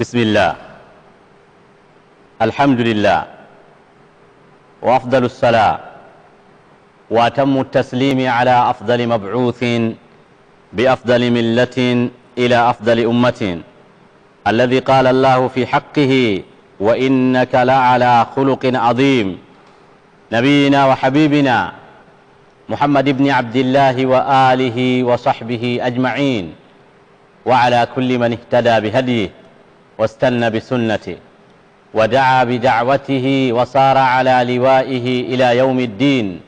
بسم الله الحمد لله وأفضل الصلاة وأتم التسليم على أفضل مبعوث بأفضل ملة إلى أفضل أمة الذي قال الله في حقه وإنك لعلى خلق عظيم نبينا وحبيبنا محمد بن عبد الله وآله وصحبه أجمعين وعلى كل من اهتدى بهديه واستنى بسنته ودعا بدعوته وصار على لوائه إلى يوم الدين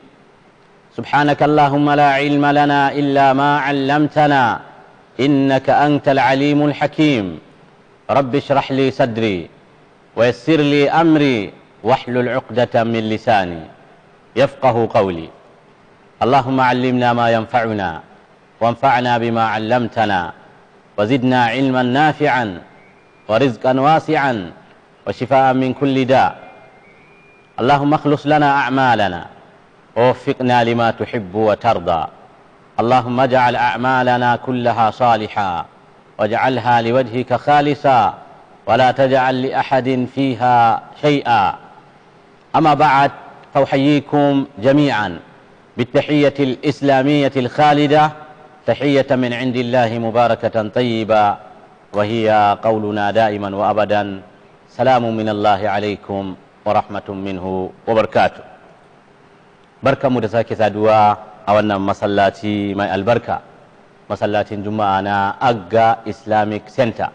سبحانك اللهم لا علم لنا إلا ما علمتنا إنك أنت العليم الحكيم رب اشرح لي صدري ويسر لي أمري واحلل عقدة من لساني يفقه قولي اللهم علمنا ما ينفعنا وانفعنا بما علمتنا وزدنا علما نافعا ورزقا واسعا وشفاء من كل داء اللهم اخلص لنا أعمالنا ووفقنا لما تحب وترضى اللهم اجعل أعمالنا كلها صالحا واجعلها لوجهك خالصا ولا تجعل لأحد فيها شيئا أما بعد فأحييكم جميعا بالتحية الإسلامية الخالدة تحية من عند الله مباركة طيبة وهي قولنا دائما وابدا سلام من الله عليكم ورحمه منه وبركاته barka mu da sake saduwa a wannan masallaci mai albarka masallacin juma'a na agga islamic center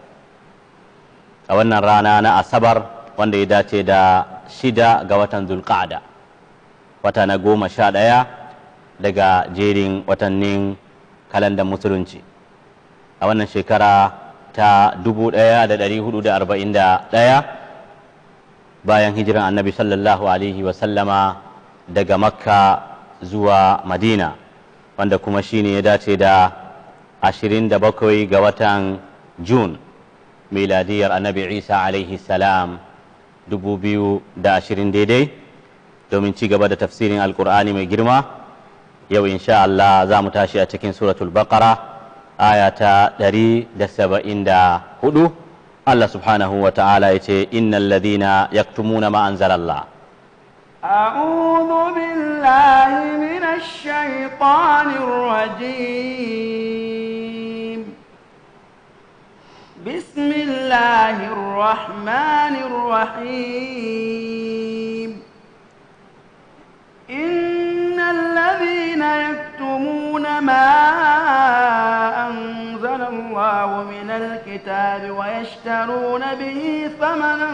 a wannan rana na asabar wanda ya dace da shida ga watan zulqa'da wata na goma sha ɗaya daga jerin watannin kalanda musulunci a wannan shekara ta 1441 bayan hijiran annabi sallallahu alaihi wasallama daga makka zuwa madina wanda kuma shine ya dace da 27 ga watan june miladiyar annabi isa alaihi salam 2020 daidai domin ci gaba da tafsirin alkur'ani mai girma yau insha Allah za mu tashi a cikin suratul baqara آية داري دسبا دا هدو الله سبحانه وتعالى إن الذين يكتمون ما أنزل الله أعوذ بالله من الشيطان الرجيم بسم الله الرحمن الرحيم الذين يكتمون ما أنزل الله من الكتاب ويشترون به ثمنا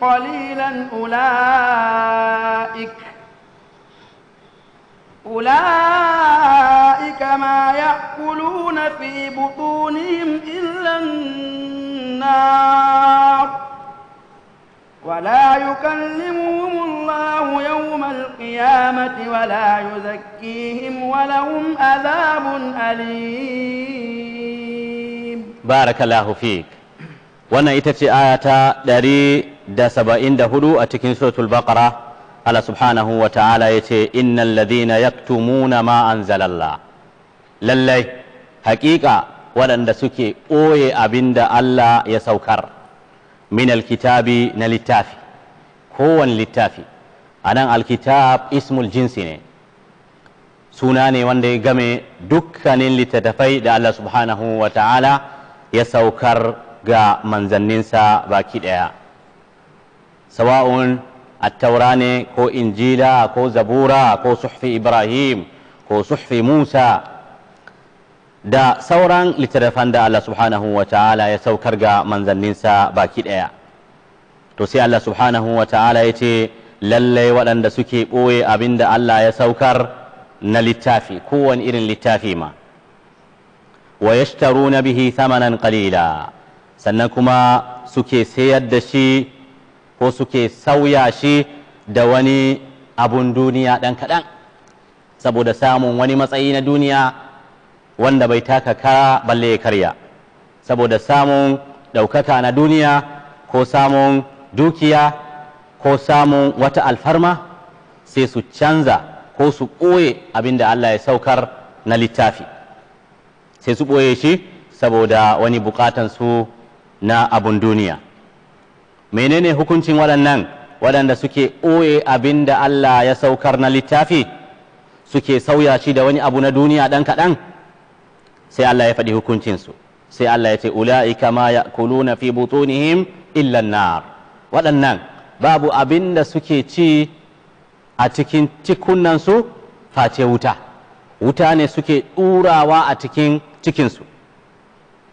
قليلا أولئك أولئك ما يأكلون في بطونهم إلا النار ولا يكلمهم الله يوم القيامة ولا يزكيهم ولهم أذاب أليم بارك الله فيك وانا اتفسي آياتا داري دا سبعين دا هدو اتكين سورة البقرة على سبحانه وتعالى يتي إن الذين يكتمون ما أنزل الله للي حقيقة ولن دا سكي اوي أبين دا الله يسوكر min alkitabi na littafi kowane littafi a nan alkitab ismul jinsi ne suna ne wanda ya game dukkanin littattafai da Allah subhanahu wa ta'ala ya saukar ga manzanninsa baki ɗaya sawa'un attaura ne ko injila ko zabura ko suhfi ibrahim ko suhfi musa da sauran littattafan da Allah subhanahu wa ta'ala ya saukar ga manzanninsa baki ɗaya to sai Allah subhanahu wa ta'ala ya ce lallai waɗanda suke ɓoye abin da Allah ya saukar na littafi kowane irin littafi ma wa na bihi samanan ƙalila sannan kuma suke sayar da shi ko suke sauya shi da wani abun duniya ɗan kaɗan saboda samun wani matsayi na duniya wanda bai taka ka balle ya karya saboda samun ɗaukaka na duniya ko samun dukiya ko samun wata alfarma sai su canza ko su ɓoye abinda da Allah ya saukar na littafi sai su ɓoye shi saboda wani bukatansu na abun duniya menene hukuncin waɗannan waɗanda suke ɓoye abin da Allah ya saukar na littafi suke sauya shi da wani abu na duniya ɗan kaɗan sai Allah ya faɗi hukuncinsu sai Allah ya ce ula'ika ma kuluna fi butunihim illa nar waɗannan babu abin da suke ci a cikin cikunansu face wuta wuta ne suke ɗurawa a cikin cikinsu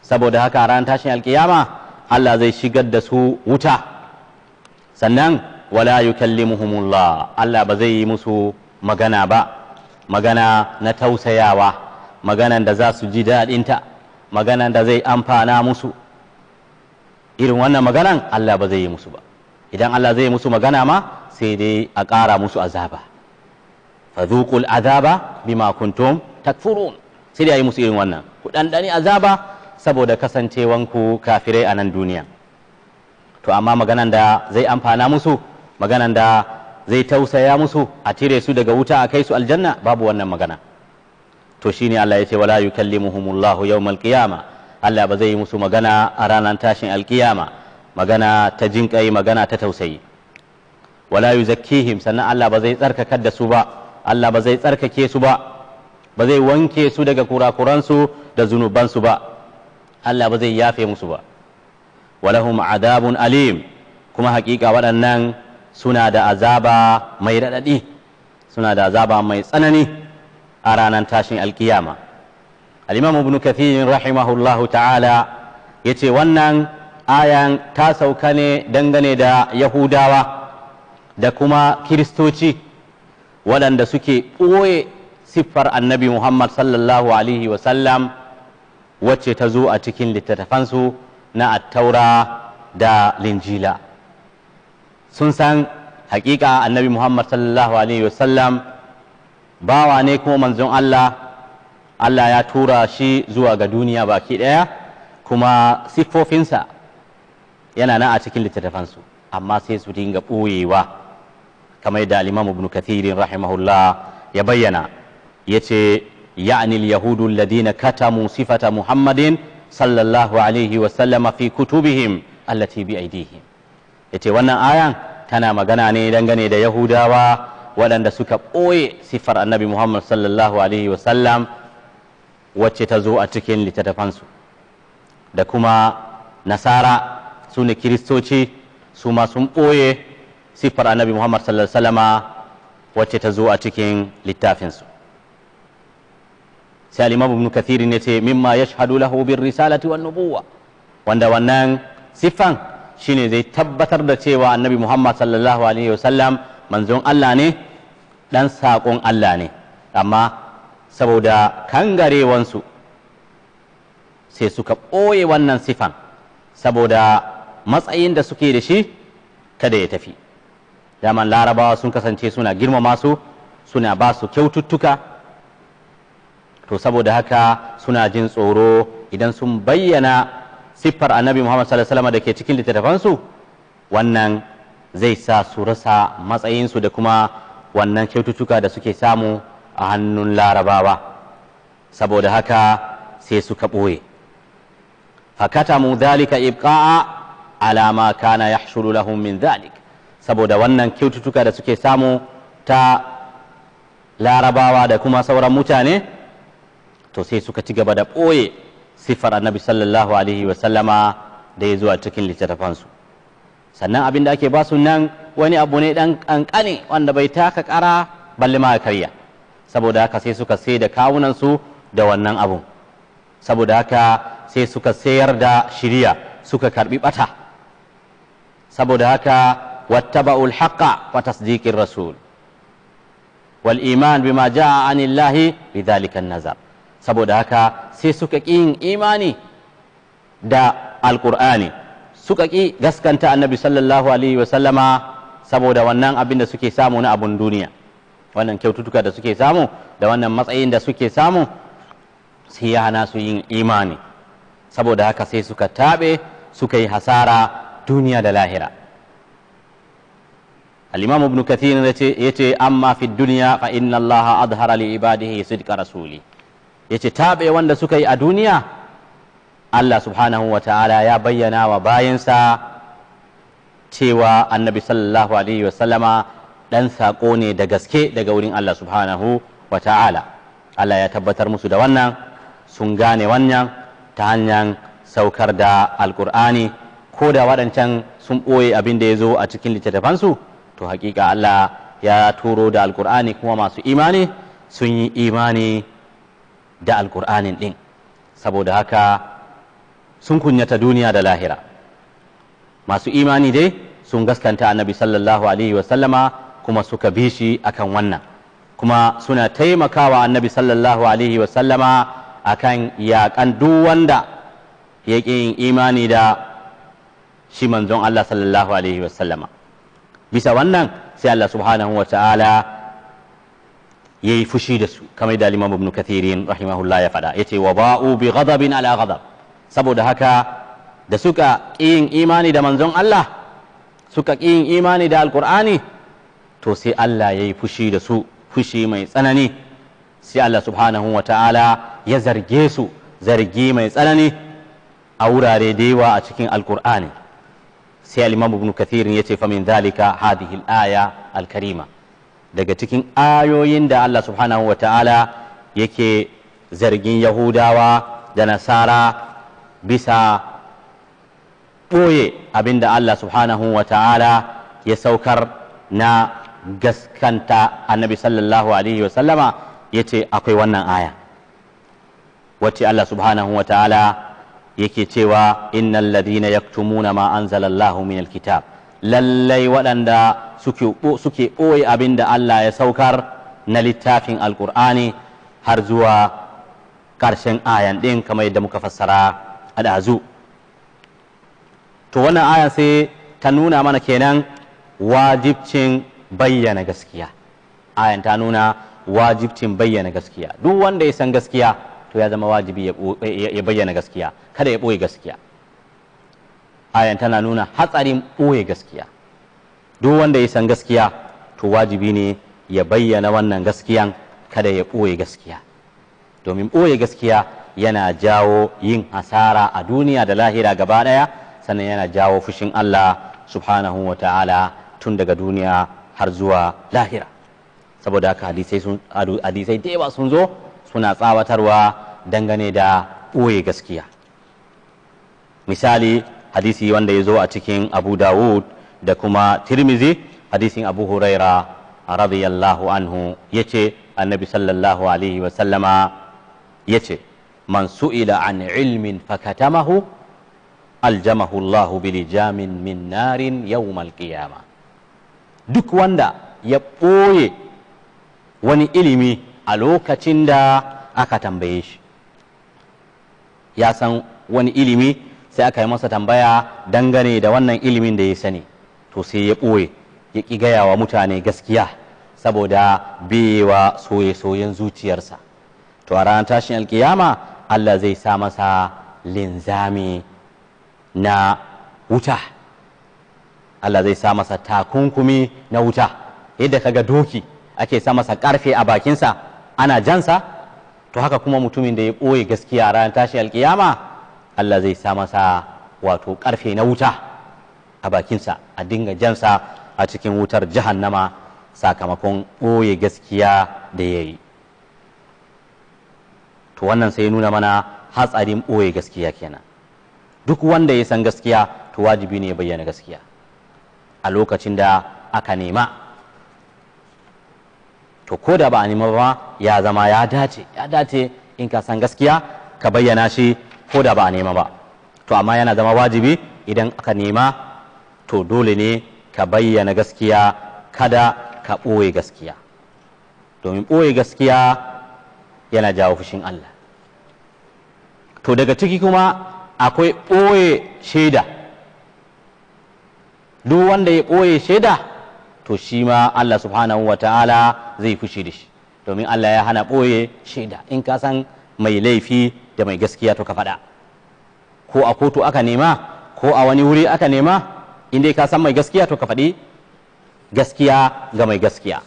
saboda haka ran tashin alkiyama Allah zai shigar da su wuta sannan wala yukallimuhumullah Allah ba zai yi musu magana ba magana na tausayawa maganan da za su ji daɗinta maganan da zai amfana musu irin wannan maganan Allah ba zai yi musu ba idan Allah zai yi musu magana ma sai dai a ƙara musu azaba fadhuqul azaba bima kuntum takfurun sai dai yi musu irin wannan ku ɗanɗani azaba saboda kasancewanku kafirai a nan duniya to amma maganan da zai amfana musu maganan da zai tausaya musu a cire su daga wuta a kai su aljanna babu wannan magana to shine Allah ya ce wala yukallimuhumullahu yawmal qiyama Allah ba zai yi musu magana a ranar tashin alkiyama magana ta jinƙai magana ta tausayi wala yuzakkihim sannan Allah ba zai tsarkakar da su ba Allah ba zai tsarkake su ba ba zai wanke su daga kurakuransu da zunubansu ba Allah ba zai yafe musu ba walahum adabun alim kuma hakika waɗannan suna da azaba mai raɗaɗi suna da azaba mai tsanani a ranar tashin alkiyama al'imamu ibn kathirin rahimahullahu ta'ala ya ce wannan ayan ta sauka ne dangane da yahudawa da kuma kiristoci waɗanda suke ɓoye siffar annabi muhammad sallallahu alaihi wasallam wacce ta zo a cikin littattafansu na attaura da linjila sun san hakika annabi muhammad sallallahu alaihi wasallam bawa ne kuma manzon Allah Allah ya tura shi zuwa ga duniya baki ɗaya kuma siffofinsa yana nan a cikin littattafansu amma sai su dinga ɓoyewa kamar da al'imamu imam Ibn rahimahullah ya bayyana yace ya'ni al-yahudu alladhina katamu sifata Muhammadin sallallahu alaihi wa sallama fi kutubihim allati bi Ya yace wannan ayan tana magana ne dangane da Yahudawa waɗanda suka ɓoye sifar annabi muhammad sallallahu alaihi wasallam wacce ta zo a cikin littattafansu da kuma nasara su ne kiristoci su ma sun ɓoye sifar annabi muhammad sallallahu alaihi wasallama wacce ta zo a cikin littafinsu sai al ibn Kathiri ne ce mimma yashhadu lahu bir risalati wan nubuwa wanda wannan siffan shine zai tabbatar da cewa annabi muhammad sallallahu alaihi wasallam manzon Allah ne ɗan saƙon Allah ne amma saboda kangarewansu sai suka ɓoye wannan sifan saboda matsayin da suke da shi kada ya tafi daman larabawa sun kasance suna girmama su suna ba su kyaututtuka to saboda haka suna jin tsoro idan sun bayyana siffar annabi muhammad sallallahu da ke cikin littattafansu wannan zai sa su rasa matsayinsu da kuma wannan kyaututtuka da suke samu a hannun larabawa saboda haka sai suka ɓoye fakatamu dhalika ibqa'a ala ma kana yahshuru lahum min dhalik saboda wannan kyaututtuka da suke samu ta larabawa da kuma sauran mutane to sai suka ci gaba da ɓoye siffar annabi sallallahu alaihi wasallama da ya zuwa cikin littattafansu sannan abin da ake basu nan wani abu ne dan kankane wanda bai taka kara balle ma karya saboda haka sai suka sai da kawunan su da wannan abun saboda haka sai suka sayar da shiriya suka karbi bata saboda haka wattaba'ul haqqa wa tasdiqir rasul wal iman bima jaa anillahi bidhalika nazar saboda haka sai suka ƙi yin imani da alqur'ani suka ƙi gaskanta annabi sallallahu alaihi wa sallama saboda wannan abin da suke samu na abun duniya wannan kyaututtuka da suke samu da wannan matsayin da suke samu sai ya hana su yin imani saboda haka sai suka taɓe suka yi hasara duniya da lahira al-imam ibn kathir yace amma fi dunya fa inna allaha adhara li ibadihi sidqa rasuli yace taɓe wanda suka yi a duniya Allah subhanahu wa ta'ala ya bayyana wa bayansa cewa annabi sallallahu alaihi wa sallama dan sako ne da gaske daga wurin Allah subhanahu wa ta'ala Allah ya tabbatar musu da wannan sun gane wannan ta hanyar saukar da alkur'ani ko da waɗancan sun ɓoye abin da ya zo a cikin littattafansu to hakika Allah ya turo da alkur'ani kuma masu imani sun yi imani da alkur'anin ɗin saboda haka sun kunyata duniya da lahira masu imani dai sun gaskanta annabi sallallahu alaihi wasallama kuma suka bi shi akan wannan kuma suna taimakawa annabi sallallahu alaihi wasallama akan yaƙan duk wanda ya yin imani da shi manzon Allah sallallahu alaihi wasallama bisa wannan sai Allah subhanahu wa ta'ala ya yi fushi da su kamar da Imam ibn kathirin rahimahullah ya faɗa yace wa ba'u bi ghadabin ala ghadab saboda haka da suka yin imani da manzon Allah suka yin imani da alkur'ani to sai Allah ya yi fushi da su fushi mai tsanani sai Allah subhanahu wa ta'ala ya zarge su zargi mai tsanani a wurare da yawa a cikin alkur'ani sai al-imam ibn ya ce fa min dhalika hadhihi al-aya al-karima daga cikin ayoyin da Allah subhanahu wa ta'ala yake zargin yahudawa da nasara bisa ɓoye abin da Allah subhanahu wa ta'ala ya saukar na gaskanta annabi sallallahu alaihi wa sallama ya ce akwai wannan aya wacce Allah subhanahu wa ta'ala yake cewa innal ladina yaktumuna ma anzalallahu min alkitab lallai waɗanda suke ɓoye abin da Allah ya saukar na littafin alkur'ani har zuwa ƙarshen ayan ɗin kamar yadda muka fassara a ɗazu. to wannan aya sai ta nuna mana kenan wajibcin bayyana gaskiya ayan ta nuna wajibcin bayyana gaskiya duk wanda ya san gaskiya to ya zama wajibi ya bayyana gaskiya kada ya ɓoye gaskiya ayan tana nuna hatsarin ɓoye gaskiya duk wanda ya san gaskiya to wajibi ne ya bayyana wannan gaskiyan kada ya ɓoye gaskiya domin ɓoye gaskiya yana jawo yin hasara a duniya da lahira gaba ɗaya sannan yana jawo fushin Allah subhanahu wa ta'ala tun daga duniya har zuwa lahira saboda haka hadisai da yawa sun zo suna tsawatarwa dangane da ɓoye gaskiya misali hadisi wanda ya zo a cikin abu dawud da kuma tirmizi hadisin abu huraira radiyallahu anhu ya ce annabi sallallahu alaihi wasallama ya ce man su'ila an ilmin fakatamahu aljamahullahu bilijamin min narin yawmal qiyama duk wanda ya ɓoye wani ilimi a lokacin da aka tambaye shi ya san wani ilimi sai aka yi masa tambaya dangane da wannan ilimin da ya sani to sai ya ɓoye ya ƙi gaya wa mutane gaskiya saboda biyewa soye-soyen zuciyarsa to a ranar tashin alkiyama allah zai sa masa linzami na wuta Allah zai sa masa takunkumi na wuta yadda kaga doki ake sa masa karfe a bakinsa ana jansa to haka kuma mutumin da ya ɓoye gaskiya ranar tashi alkiyama Allah zai sa masa wato karfe na wuta a bakinsa a dinga jansa a cikin wutar jahannama sakamakon ɓoye gaskiya da ya yi to wannan sai nuna mana hatsarin ɓoye gaskiya kenan duk wanda ya san gaskiya to wajibi ne ya bayyana gaskiya a lokacin da aka nema to ko da ba a nema ba ya zama ya dace ya dace in ka san gaskiya ka bayyana shi ko da ba a nema ba to amma yana zama wajibi idan aka nema to dole ne ka bayyana gaskiya kada ka ɓoye gaskiya domin ɓoye gaskiya yana jawo fushin Allah to daga ciki kuma akwai ɓoye shaida duk wanda ya ɓoye shaida to shi ma Allah subhanahu wa ta'ala zai fushi da shi domin Allah ya hana ɓoye shaida in ka san mai laifi da mai gaskiya to ka faɗa ko a kotu aka nema ko a wani wuri aka nema inda ka san mai gaskiya to ka faɗi gaskiya ga mai gaskiya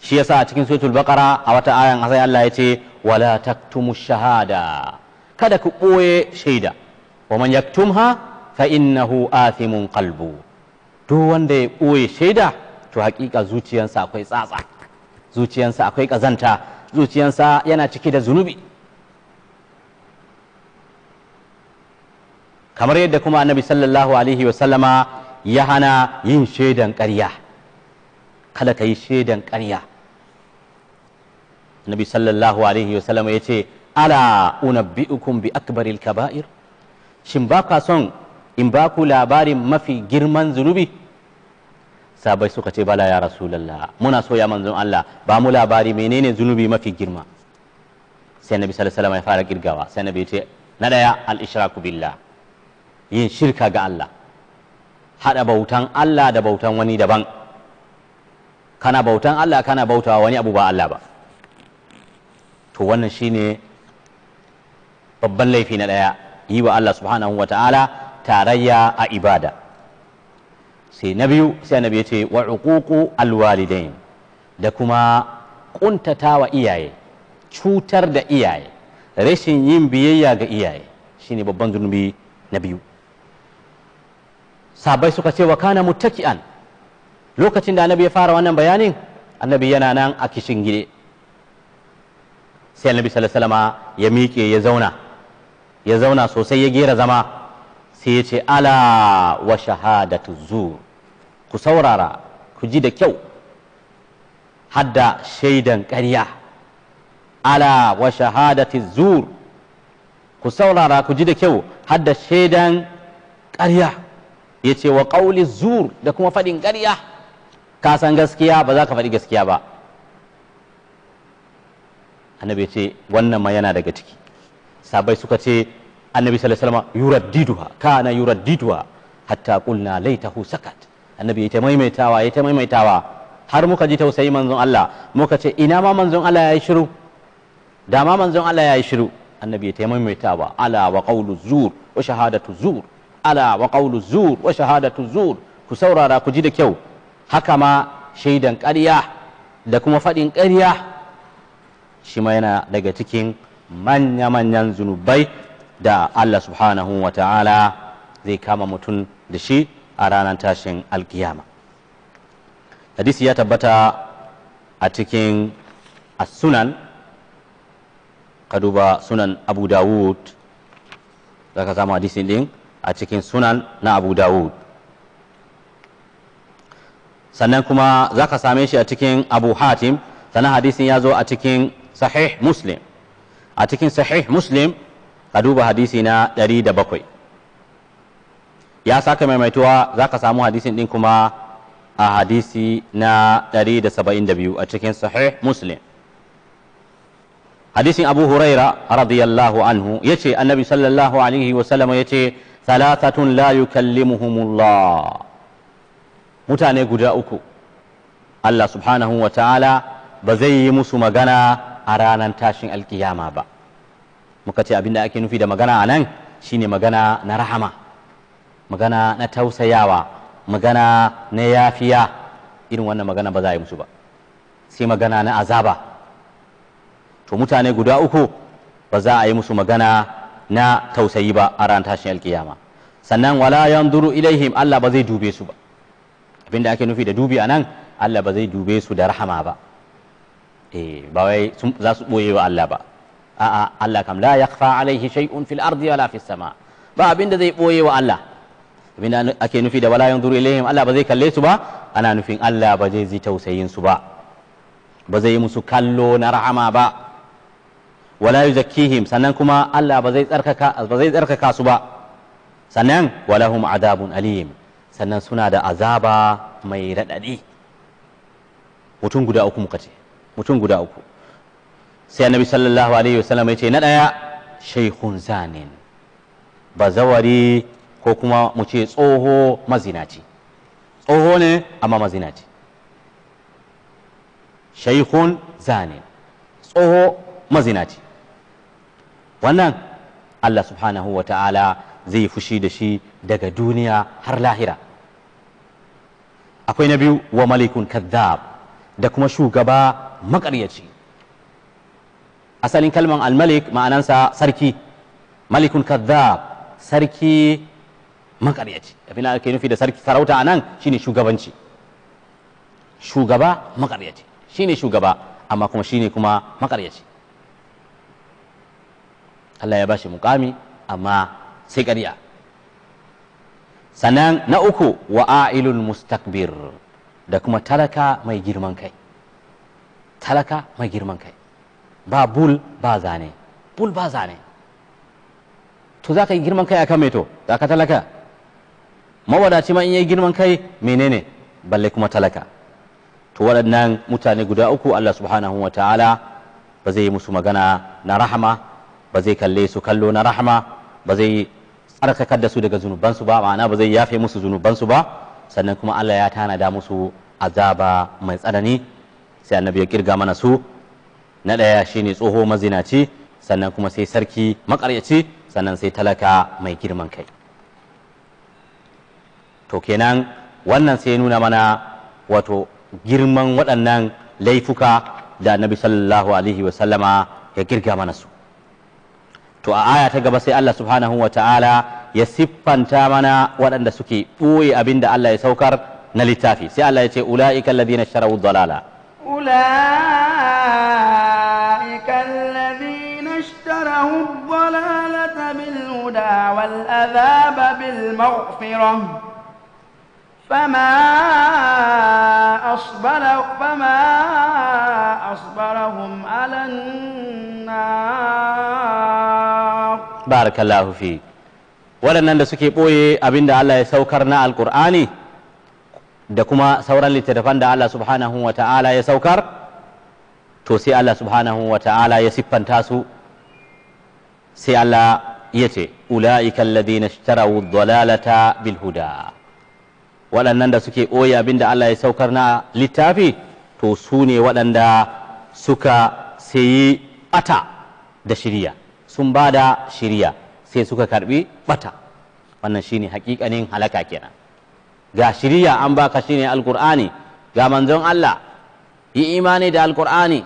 shi yasa a cikin suratul baqara a wata ayan sai Allah ya ce wala taktumu shahada kada ku ɓoye shaida wa man yaktumha fa innahu athimun qalbu duk wanda ya ɓoye shaida to hakika zuciyansa akwai tsatsa zuciyansa akwai kazanta zuciyansa yana cike da zunubi kamar yadda kuma annabi sallallahu alaihi wa sallama ya hana yin shaidan ƙarya kada ka yi shaidan ƙarya annabi sallallahu alaihi wa sallama ya ce ala unabbi'ukum bi akbaril kaba'ir shin ba ka son in ba ku labarin mafi girman zunubi sabai suka ce bala ya rasulullah muna so ya manzon Allah ba mu labari menene zunubi mafi girma sai nabi sallallahu alaihi wasallam ya fara girgawa sai nabi ya ce na daya al ishraku billah yin shirka ga Allah hada bautan Allah da bautan wani daban kana bautan Allah kana bautawa wani abu ba Allah ba to wannan shine babban laifi na ɗaya yi wa Allah subhanahu wa ta'ala tarayya a ibada sai na biyu sai na biyu ce wa uququ alwalidain da kuma kuntata wa iyaye cutar da iyaye rashin yin biyayya ga iyaye shine babban zunubi na biyu sabai suka ce wa kana an lokacin da annabi ya fara wannan bayanin annabi yana nan a kishin gide sai annabi sallallahu alaihi ya miƙe ya zauna ya zauna sosai ya gera zama sai ya ce ala wa shahadatu zur ku saurara ku ji da kyau hadda shaidan ƙarya ala wa shahadatu zur ku saurara ku ji da kyau hadda shaidan ƙarya ya ce wa ƙauli zur da kuma faɗin ƙarya ka san gaskiya ba za ka faɗi gaskiya ba annabi ya ce wannan ma yana daga ciki sabai suka ce annabi sallallahu alaihi wasallam yuraddiduha kana yuraddiduha hatta qulna laitahu sakat annabi ya ta maimaitawa ya ta maimaitawa har muka ji tausayi manzon Allah muka ce ina ma manzon Allah ya yi shiru da ma manzon Allah ya yi shiru annabi ya ta maimaitawa ala wa qawlu zur wa shahadatu zur ala wa qawlu zur wa shahadatu zur ku saurara ku ji da kyau haka ma shaidan ƙarya da kuma faɗin ƙarya shi ma yana daga cikin manya-manyan zunubai da Allah subhanahu wa ta'ala zai kama mutum da shi a ranar tashin alkiyama hadisi ya tabbata a cikin sunan ka duba sunan abu dawud za ka samu hadisin din a cikin sunan na abu dawud sannan kuma za ka same shi a cikin abu hatim sannan hadisin ya zo a cikin sahih muslim a cikin sahih muslim ka duba hadisi na 107 ya saka maimaituwa za ka samu hadisin din kuma a hadisi na 172 a cikin sahih muslim hadisin abu huraira radiyallahu anhu ya ce annabi sallallahu alaihi wasallama ya ce thalathatun la yukallimuhumullah mutane guda uku Allah subhanahu wa ta'ala ba zai yi musu magana a ranar tashin alkiyama ba muka ce abinda ake nufi da magana a nan shine magana na rahama magana na tausayawa magana na yafiya irin wannan magana ba za a yi musu ba sai magana na azaba to mutane guda uku ba za a yi musu magana na tausayi ba a ran tashin alkiyama sannan wala yanzuru ilaihim Allah ba zai dube su ba abinda ake nufi da dubi nan Allah ba zai dube su da rahama ba eh ba wai za su boye wa Allah ba a'a Allah kam la yakhfa alaihi shay'un fil ardi wala fis sama ba abin da zai ɓoye wa Allah abin da ake nufi da wala yanzuru ilaihim Allah ba zai kalle su ba ana nufin Allah ba zai ji tausayin su ba ba zai yi musu kallo na rahama ba wala yuzakkihim sannan kuma Allah ba zai tsarkaka ba zai tsarkaka su ba sannan walahum adabun alim sannan suna da azaba mai raɗaɗi mutum guda uku muka ce mutum guda uku sai annabi sallallahu alaihi wasallam ya ce na ɗaya shaykhun zanin bazawari ko kuma mu ce tsoho mazinaci tsoho ne amma mazinaci shaykhun zanin tsoho mazinaci wannan Allah subhanahu wa ta'ala zai fushi da shi daga duniya har lahira akwai na biyu wa malikun kadhab da kuma shugaba makaryaci asalin kalman almalik ma'anansa sarki malikun kadhab sarki makaryaci abin da ake nufi da sarki sarauta a nan shine shugabanci shugaba makaryaci shine shugaba amma kuma shine kuma makaryaci Allah ya bashi mukami amma sai ƙarya sannan na uku wa'ailul mustakbir da kuma talaka mai girman kai talaka mai girman kai ba bul ba zane bul ba zane to za ka yi girman kai akan kan to da ka talaka mawadaci ma in yi girman kai menene balle kuma talaka to waɗannan mutane guda uku Allah subhanahu wa ta'ala ba zai yi musu magana na rahama ba zai kalle su kallo na rahama ba zai tsarkakar da su daga zunubansu ba ma'ana ba zai yafe musu zunubansu ba sannan kuma Allah ya tanada musu azaba mai tsanani sai annabi ya kirga mana su na ɗaya shine tsoho mazinaci sannan kuma sai sarki makaryaci sannan sai talaka mai girman kai to kenan wannan sai nuna mana wato girman waɗannan laifuka da annabi sallallahu alaihi wasallama ya kirga mana su to a aya ta gaba sai Allah subhanahu wa ta'ala ya siffanta mana waɗanda suke ɓoye abin da Allah ya saukar na littafi sai Allah ya ce ula'ika alladhina ishtaraw dalala ula'ika alladhina ishtaraw dalalata bil huda wal adhab bil maghfira فما أصبر فما أصبرهم على النار بارك الله فيك waɗannan da suke ɓoye abin da Allah ya saukar na alkur'ani da kuma sauran littattafan da Allah subhanahu wa ta'ala ya saukar to sai Allah subhanahu wa ta'ala ya siffanta su sai Allah ya ce ula'ika alladhina ishtarawu dhalalata bil huda waɗannan da suke ɓoye abin da Allah ya saukar na littafi to su ne waɗanda suka sayi ɓata da shirya sun bada shirya sai suka karbi bata wannan shine hakikanin halaka kenan ga shiriya an baka shine alqur'ani ga manzon Allah yi imani da alqur'ani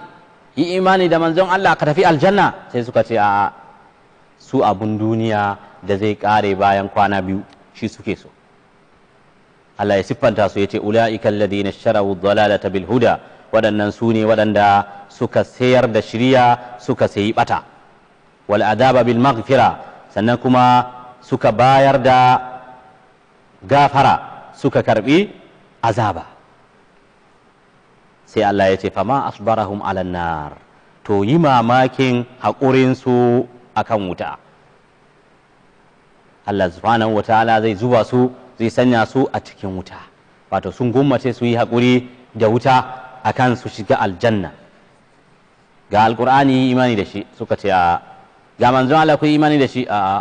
yi imani da manzon Allah ka tafi aljanna sai suka ce a su abun duniya da zai kare bayan kwana biyu shi suke so Allah ya siffanta su yace ulaiikal ladina sharawu dhalalata bil huda waɗannan su ne waɗanda suka sayar da shiriya suka sayi bata wal adaba bil maghfira sannan kuma suka bayar da gafara suka karbi azaba sai Allah ya ce fama asbarahum ala nar to yi mamakin haƙurinsu akan wuta Allah subhanahu wa ta'ala zai zuba su zai sanya su a cikin wuta wato sun gummace su yi haƙuri da wuta akan su shiga aljanna ga alƙur'ani imani da shi suka ce ga manzon Allah ku imani da shi a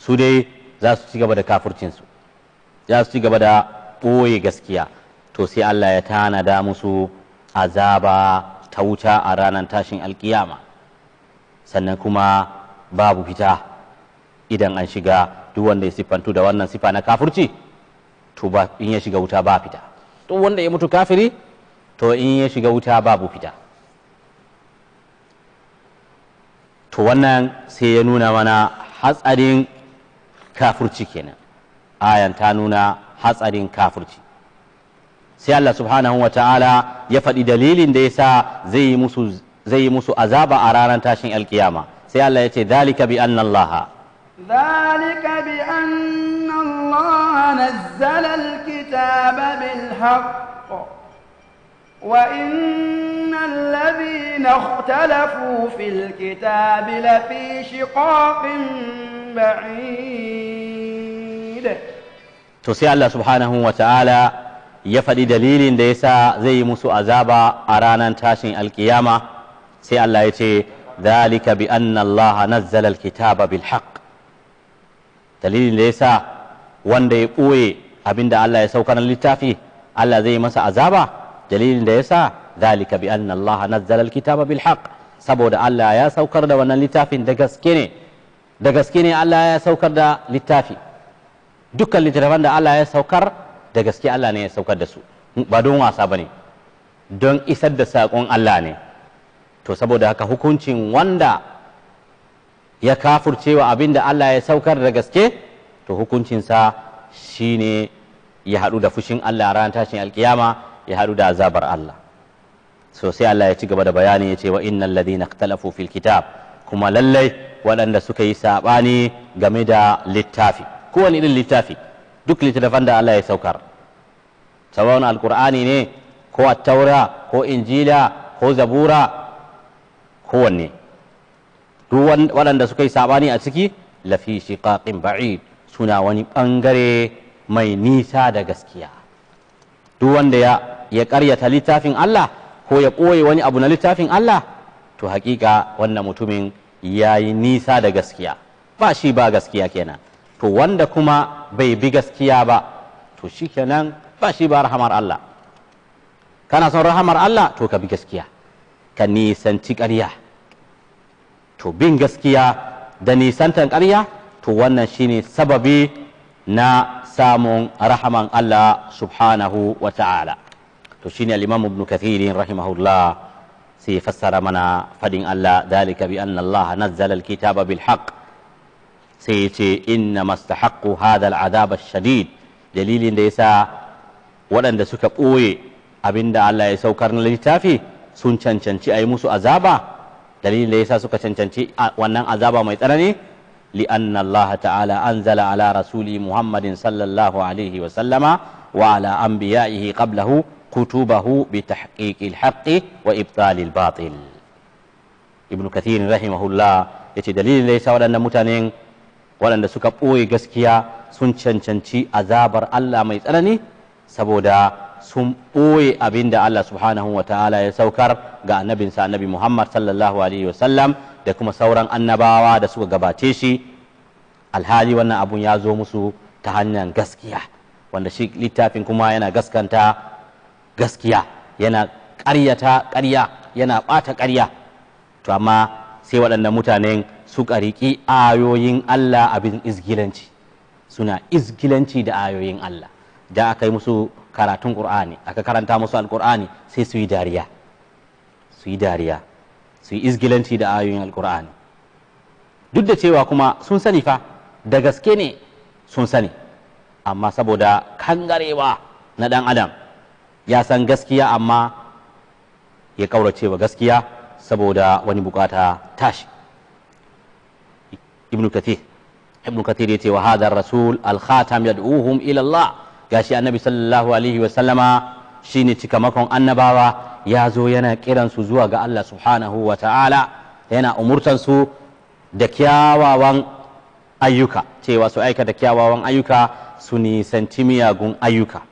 su dai za su ci gaba da su za su ci gaba da boye gaskiya to sai Allah ya tanada musu azaba ta wuta a ranar tashin alkiyama sannan kuma babu fita idan an shiga duk wanda ya siffantu da wannan sifa na kafurci to ba in ya shiga wuta ba fita duk wanda ya mutu kafiri to in ya shiga wuta babu fita توانان سينونا منا حس أدين كافرتي كنا آية تانونا حس أدين كافرتي سيال الله سبحانه وتعالى يفد دليل ديسا زي موسو زي موسو أزابا أرانا تاشين القيامة سيال الله يتي ذلك بأن الله ذلك بأن الله نزل الكتاب بالحق وإن الذين اختلفوا في الكتاب لفي شقاق بعيد تسي الله سبحانه وتعالى يفدي دليل ديسا زي موسو أزابا أرانا تاشن القيامة سي الله يتي ذلك بأن الله نزل الكتاب بالحق دليل ديسا وان دي قوي أبين الله يسوكنا للتافي الله زي موسو أزابا dalilin da sa zalika bi anna Allah nazzala alkitaba bil haqq saboda Allah ya saukar da wannan littafin da gaske ne da gaske ne Allah ya saukar da littafi dukkan littafan da Allah ya saukar da gaske Allah ne ya saukar da su ba don wasa bane don isar da saƙon Allah ne to saboda haka hukuncin wanda ya kafurcewa abin da Allah ya saukar da gaske to hukuncinsa shine ya haɗu da fushin Allah ranar tashin alkiyama ya haɗu da azabar Allah sosai Allah ya ci gaba da bayani ya ce wa innal ladina ikhtalafu fil kitab kuma lallai waɗanda suka yi saɓani game da littafi kowane irin littafi duk littattafan da Allah ya saukar sawan alkur'ani ne ko attaura ko injila ko zabura kowanne duk waɗanda suka yi saɓani a ciki lafi shiqaqin ba'id suna wani ɓangare mai nisa da gaskiya duk wanda ya ya karyata littafin Allah ko ya koye wani abu na littafin Allah to hakika wannan mutumin ya yi nisa da gaskiya ba shi ba gaskiya kenan to wanda kuma bai bi gaskiya ba to shi kenan ba shi ba rahamar Allah kana son rahamar Allah to ka bi gaskiya ka nisanci karya to bin gaskiya da nisantan karya to wannan shine sababi na samun rahaman Allah subhanahu wa ta'ala to shine al-imam ibn kathir rahimahullah sai fassara mana fadin Allah dalika bi anna Allah nazzala al-kitaba bil haqq sai ce inna mastahaqqu hadha al-adab ash-shadid dalilin da yasa waɗanda suka ɓoye abinda Allah ya saukar na littafi sun cancanci a yi musu azaba dalilin da yasa suka cancanci wannan azaba mai tsanani li'anna Allah ta'ala anzala ala rasuli Muhammadin sallallahu alaihi wa sallama wa ala anbiya'ihi qablahu كتبه بتحقيق الحق وإبطال الباطل ibnu kathir rahimahullah yace dalilin da yasa waɗannan mutane, waɗanda suka ɓoye gaskiya sun cancanci azabar Allah mai tsanani saboda sun ɓoye abin da Allah subhanahu wa ta'ala ya saukar ga annabinsa annabi Muhammad sallallahu alaihi wasallam da kuma sauran annabawa da suka gabace shi alhali wannan abun ya zo musu ta hanyar gaskiya wanda shi littafin kuma yana gaskanta gaskiya yana ƙaryata ƙarya yana ɓata ƙarya to amma sai waɗannan mutanen suka ƙariƙi ayoyin Allah abin izgilanci suna izgilanci da ayoyin Allah da aka yi musu karatun ƙur'ani aka karanta musu alƙur'ani sai su yi dariya su yi dariya su yi izgilanci da ayoyin alƙur'ani duk da cewa kuma sun sani fa da gaske ne sun sani amma saboda kangarewa na ɗan adam ya san gaskiya amma ya kaurace wa gaskiya saboda wani bukata tashi ibnu kathir ibnu kathir yace wa hadha rasul al khatam yad'uhum ila Allah gashi annabi sallallahu alaihi wa sallama shine cikamakon annabawa ya zo yana kiran su zuwa ga Allah subhanahu wa ta'ala yana umurtan su da kyawawan ayyuka cewa su aika aikata kyawawan ayyuka su nisanci miyagun ayyuka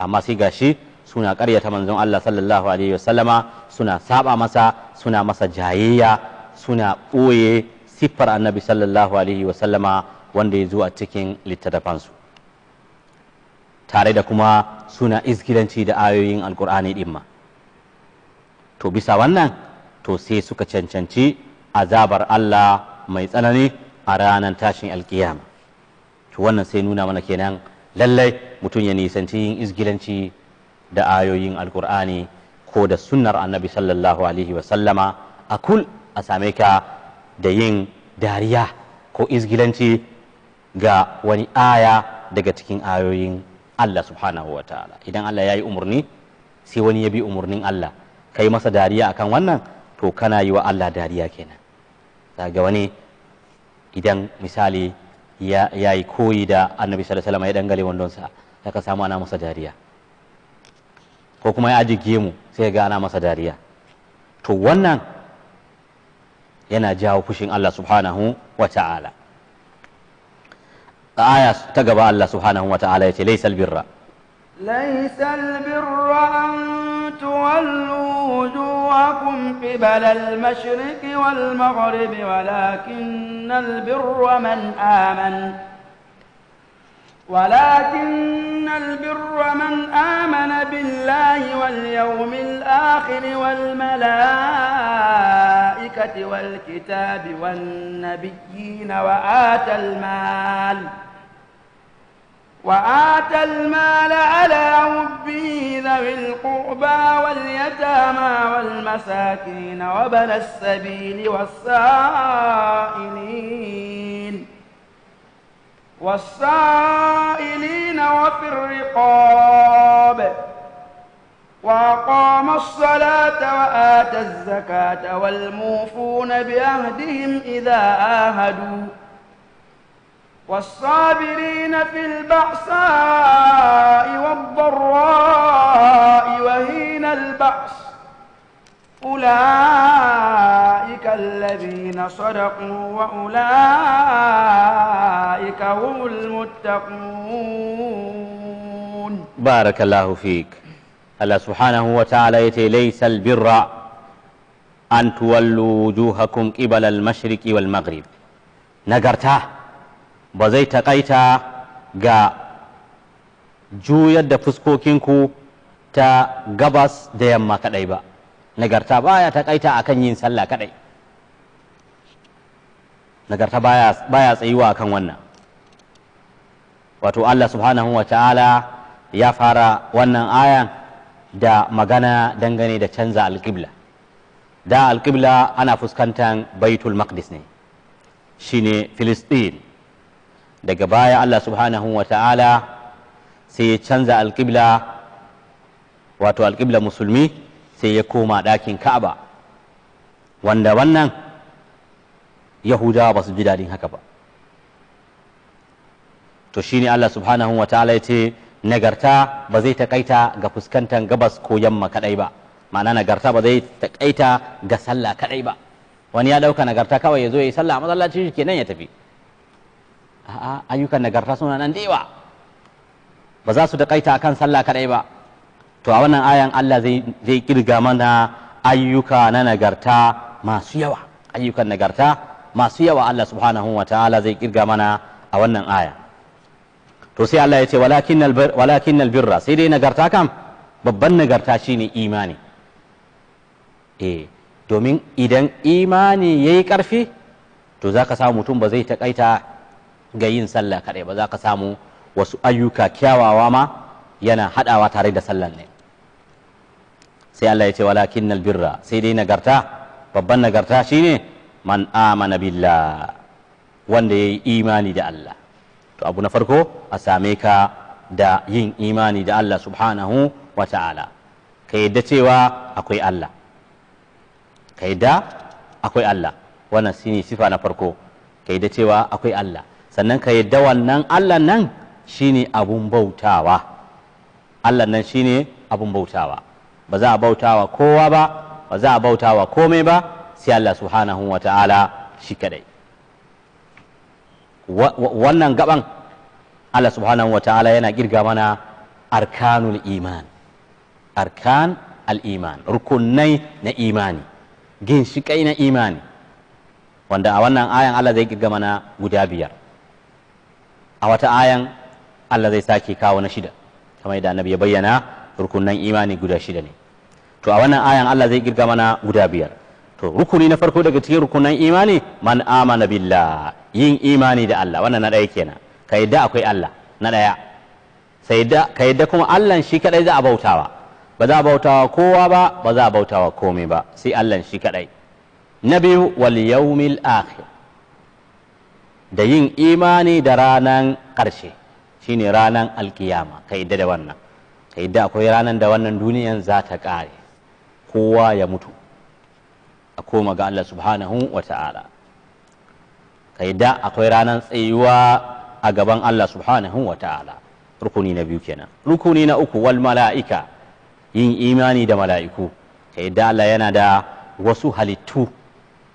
amma sai gashi suna ƙaryata manzon Allah sallallahu alaihi wasallama suna saba masa suna masa jayayya suna ɓoye siffar annabi sallallahu alaihi wasallama wanda ya zo a cikin littattafansu tare da kuma suna izgilanci da ayoyin alkur'ani ɗin ma to bisa wannan to sai suka cancanci azabar Allah mai tsanani a ranar tashin alkiyama to wannan sai nuna mana kenan lallai mutum ya nisanci yin izgilanci da ayoyin alkur'ani ko da sunnar annabi sallallahu alaihi wasallama a kul a same ka da yin dariya ko izgilanci ga wani aya daga cikin ayoyin Allah subhanahu wa ta'ala idan Allah ya yi umarni sai wani ya bi umarnin Allah kai masa dariya akan wannan to kana yi wa Allah dariya kenan daga wani idan misali ya yi koyi da annabi sallallahu alaihi wasallama ya dangale wandonsa ka samu ana masa dariya ko kuma ya ajiye mu sai ga ana masa dariya to wannan yana jawo fushin Allah subhanahu wataala aya ta gaba Allah subhanahu wataala yace laysal birra laysal birra an tuwallu wujuhakum qibala al-mashriqi wal maghribi walakinnal birra man amana ولكن البر من آمن بالله واليوم الآخر والملائكة والكتاب والنبيين وآتى المال وآتى المال على حبه ذوي القربى واليتامى والمساكين وبنى السبيل والسائلين والسائلين وفي الرقاب وأقام الصلاة وآتى الزكاة والموفون بعهدهم إذا آهدوا والصابرين في البأساء والضراء وهين البأس أولئك الذين صدقوا وأولئك هم المتقون بارك الله فيك الله سبحانه وتعالى يتي ليس البر أن تولوا وجوهكم قبل المشرق والمغرب نقرتا قيتا تقيتا جو جوية فسكوكينكو تا قبس ديما كالعيبا nagarta baya ta kaita akan yin sallah kadai nagarta baya baya tsayuwa akan wannan wato Allah subhanahu wa ta'ala ya fara wannan ayan da magana dangane da canza al-qibla da al-qibla ana fuskantan baitul maqdis ne shine filistin daga baya Allah subhanahu wa ta'ala sai ya canza qibla wato al-qibla musulmi sai ya koma ɗakin ka'aba wanda wannan yahudawa ba su ji daɗin haka ba to shi ne Allah subhanahu wa ta'ala ce nagarta ba zai taƙaita ga fuskantar gabas ko yamma kaɗai ba ma'ana nagarta ba zai taƙaita ga sallah kaɗai ba wani ya ɗauka nagarta kawai ya zo ya yi sallah a masallaci shi kenan ya tafi a'a ayyukan nagarta suna nan da ba za su takaita akan sallah kaɗai ba to a wannan ayan Allah zai kirga mana ayyuka na nagarta masu yawa ayyukan nagarta masu yawa Allah subhanahu wa ta'ala zai kirga mana a wannan aya to sai Allah ya ce walakin albirra sai dai nagarta kam babban nagarta shine imani eh domin idan imani ya yi karfi to za ka samu mutum ba zai takaita ga yin sallah kaɗai ba za ka samu wasu ayyuka kyawawa ma yana haɗawa tare da sallan ne sai Allah ya ce walakinnal birra sai dai nagarta babban nagarta shine man amana billah wanda yayi imani da Allah to abu na farko a same ka da yin imani da Allah subhanahu wa ta'ala ka yadda cewa akwai Allah ka yadda akwai Allah wannan shine sifa na farko ka yadda cewa akwai Allah sannan ka yadda wannan Allah nan shine abun bautawa Allah nan shine abun bautawa ba za a wa kowa ba ba za a wa komai ba sai Allah subhanahu wa ta'ala shi kadai wannan gaban Allah subhanahu wa ta'ala yana girga mana arkanul iman arkan al-iman rukunai na imani ginshiƙai na imani wanda a wannan ayan Allah zai girga mana guda biyar a wata ayan Allah zai sake kawo na shida kamar yadda annabi ya bayyana rukunan imani guda shida ne to a wannan ayan Allah zai girga mana guda biyar to rukuni na farko daga cikin rukunan imani man amana billah yin imani da Allah wannan na ɗaya kenan ka yadda akwai Allah na ɗaya sai da ka yadda kuma Allah shi kadai za a bautawa ba za a bautawa kowa ba ba za a bautawa komai ba sai Allah shi kadai na biyu wal yawmil akhir da yin imani da ranan ƙarshe shine ranan alkiyama ka yadda da wannan ka yadda akwai ranan da wannan duniyan za ta ƙare kowa ya mutu a koma ga Allah subhanahu wa ta'ala kai da akwai ranar tsayuwa a gaban Allah subhanahu wa ta'ala rukuni na biyu kenan rukuni na uku wal mala'ika yin imani da mala'iku kai da Allah yana da wasu halittu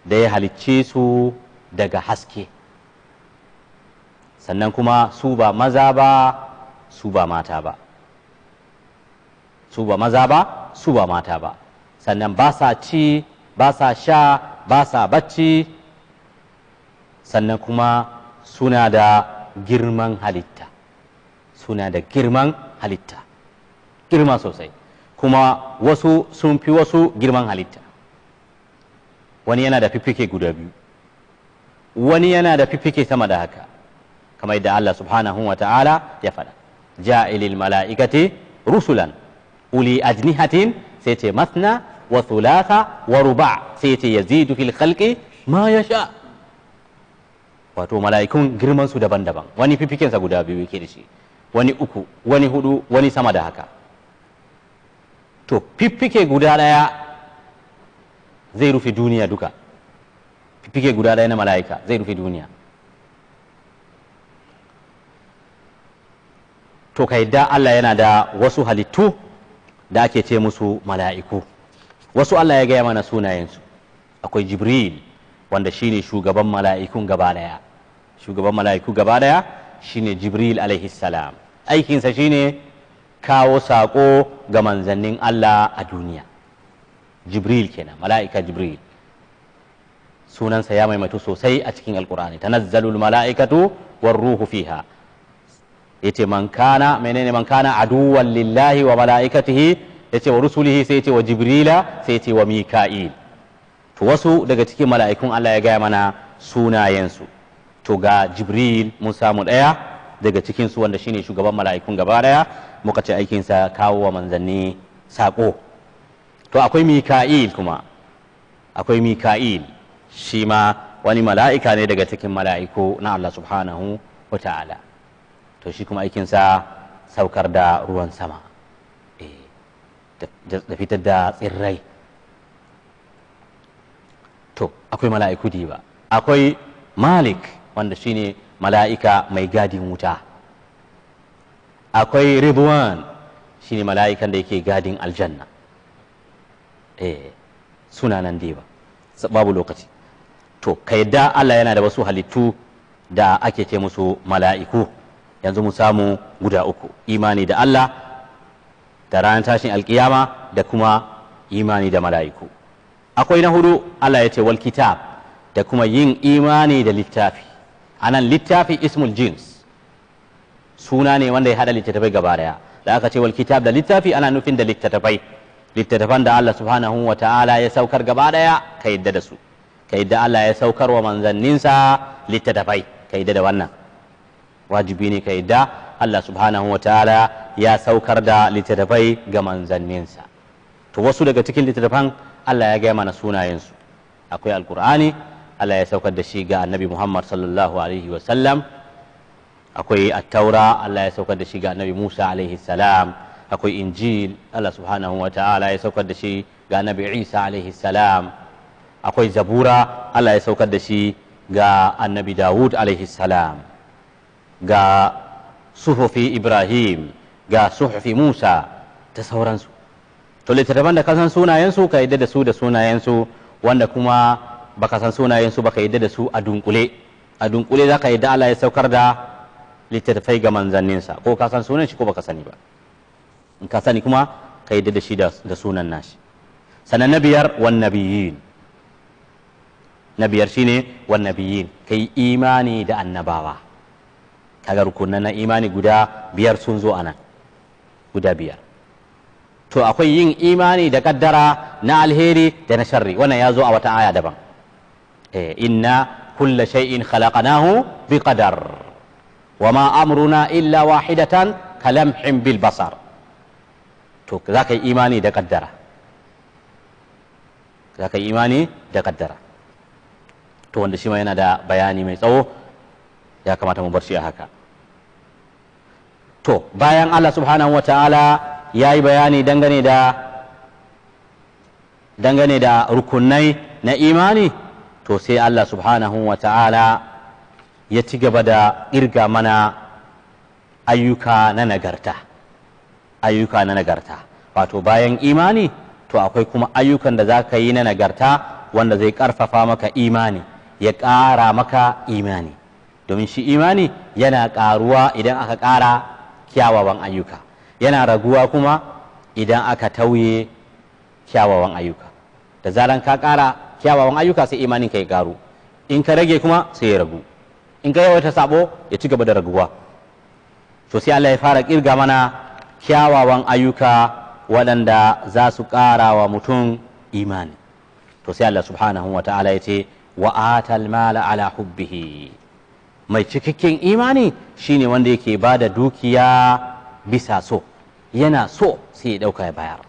da ya halicce su daga haske sannan kuma su ba maza ba su ba mata ba su ba maza ba su ba mata ba sannan ba sa ci ba sa sha ba sa bacci sannan kuma suna da girman halitta suna da girman halitta girma sosai kuma wasu sun fi wasu girman halitta wani yana da fiffike guda biyu wani yana da fifike sama da haka kamar yadda Allah subhanahu wa ta'ala ya faɗa ja'ilil mala'ikati rusulan uli ajnihatin sai ce masna wa thulatha wa ruba sai ce yazidu fil khalqi ma yasha wato mala'ikun girman su daban-daban wani fifiken sa guda biyu yake da shi wani uku wani hudu wani sama da haka to fifike guda daya zai rufe duniya duka fifike guda daya na mala'ika zai rufe duniya to kai da Allah yana da wasu halittu da ake ce musu mala'iku wasu Allah ya gaya mana sunayensu akwai jibril wanda shine shugaban mala'ikun gaba daya shugaban mala'iku gaba daya shine jibril alaihi salam aikinsa shine kawo saƙo ga manzannin Allah a duniya jibril kenan mala'ika jibril sunansa ya maimaitu sosai a cikin alkur'ani tanazzalul mala'ikatu war ruhu fiha yace man kana menene man kana aduwwan lillahi wa mala'ikatihi ya ce wa rusulihi sai ya ce wa jibrila sai ya ce wa mika'il to wasu daga cikin mala'ikun Allah ya gaya mana sunayensu to ga jibril mun samu ɗaya daga cikin su wanda shine shugaban mala'ikun gaba ɗaya muka ce aikinsa kawo wa manzanni saƙo to akwai mika'il kuma akwai mika'il shi ma wani mala'ika ne daga cikin mala'iku na Allah subhanahu wa ta'ala to shi kuma aikinsa saukar da ruwan sama da fitar da tsirrai to akwai mala'iku ba akwai malik wanda shine mala'ika mai gadin wuta akwai ridwan shine mala'ikan da yake gadin aljanna eh suna nan dai ba babu lokaci to ka yadda Allah yana da wasu halittu da ake ce musu mala'iku yanzu mu samu guda uku imani da Allah da ranar tashin alkiyama da kuma imani da mala'iku akwai na hudu Allah ya ce wal kitab da kuma yin imani da littafi anan littafi ismul jins suna ne wanda ya hada littattafai gaba daya da aka ce wal kitab da littafi ana nufin da littattafai littattafan da Allah subhanahu wa ta'ala ya saukar gaba daya ka yadda da su ka yadda Allah ya saukar wa manzanninsa littattafai ka yadda da wannan wajibi ne ka yadda Allah subhanahu wa ta'ala ya saukar da littattafai ga manzanninsa to wasu daga cikin littattafan Allah ya gaya mana sunayensu akwai alkur'ani Allah ya saukar da shi ga annabi Muhammad sallallahu alaihi wa sallam akwai attaura Allah ya saukar da shi ga annabi Musa alaihi salam akwai injil Allah subhanahu wa ta'ala ya saukar da shi ga annabi Isa alaihi salam akwai zabura Allah ya saukar da shi ga annabi Dawud alaihi salam ga suhufi ibrahim ga suhufi musa da sauransu to littattafan da ka san sunayensu ka yadda da su da sunayensu wanda kuma baka san sunayensu baka yadda da su a dunkule a dunkule za ka yadda Allah ya saukar da littattafai ga manzanninsa ko ka san sunan shi ko baka sani ba in ka sani kuma ka yadda da shi da sunan nashi sannan na biyar wan nabiyin na biyar shine wan ka kai imani da annabawa kaga rukunan na imani guda biyar sun zo anan guda biyar to akwai yin imani da kaddara na alheri da na sharri wannan ya zo a wata aya daban eh, inna kulla shay'in khalaqnahu biqadar wama amruna illa wahidatan kalamhin bil basar to za ka yi imani da kaddara za ka yi imani da kaddara to wanda shi ma yana da bayani mai tsawo ya kamata mu bar shi a haka to bayan Allah subhanahu wa ta'ala ya yi bayani dangane da dangane da rukunai na imani to sai Allah subhanahu wa ta'ala ya ci gaba da ƙirga mana ayyuka na nagarta ayyuka na nagarta wato bayan imani to akwai kuma ayyukan da za ka yi na nagarta wanda zai ƙarfafa maka imani ya ƙara maka imani domin shi imani yana ƙaruwa idan aka ƙara kyawawan ayyuka yana raguwa kuma idan aka tauye kyawawan ayyuka da zaran ka kara kyawawan ayyuka sai imanin ka ya garu in ka rage kuma sai ya ragu in ka yawaita sabo ya ci gaba da raguwa to sai Allah ya fara kirga mana kyawawan ayyuka waɗanda za su ƙara wa mutum imani to sai Allah subhanahu wa ta'ala ya ce wa atal mala ala hubbihi mai cikakken imani shine wanda yake ba da dukiya bisa so yana so sai ya ɗauka ya bayar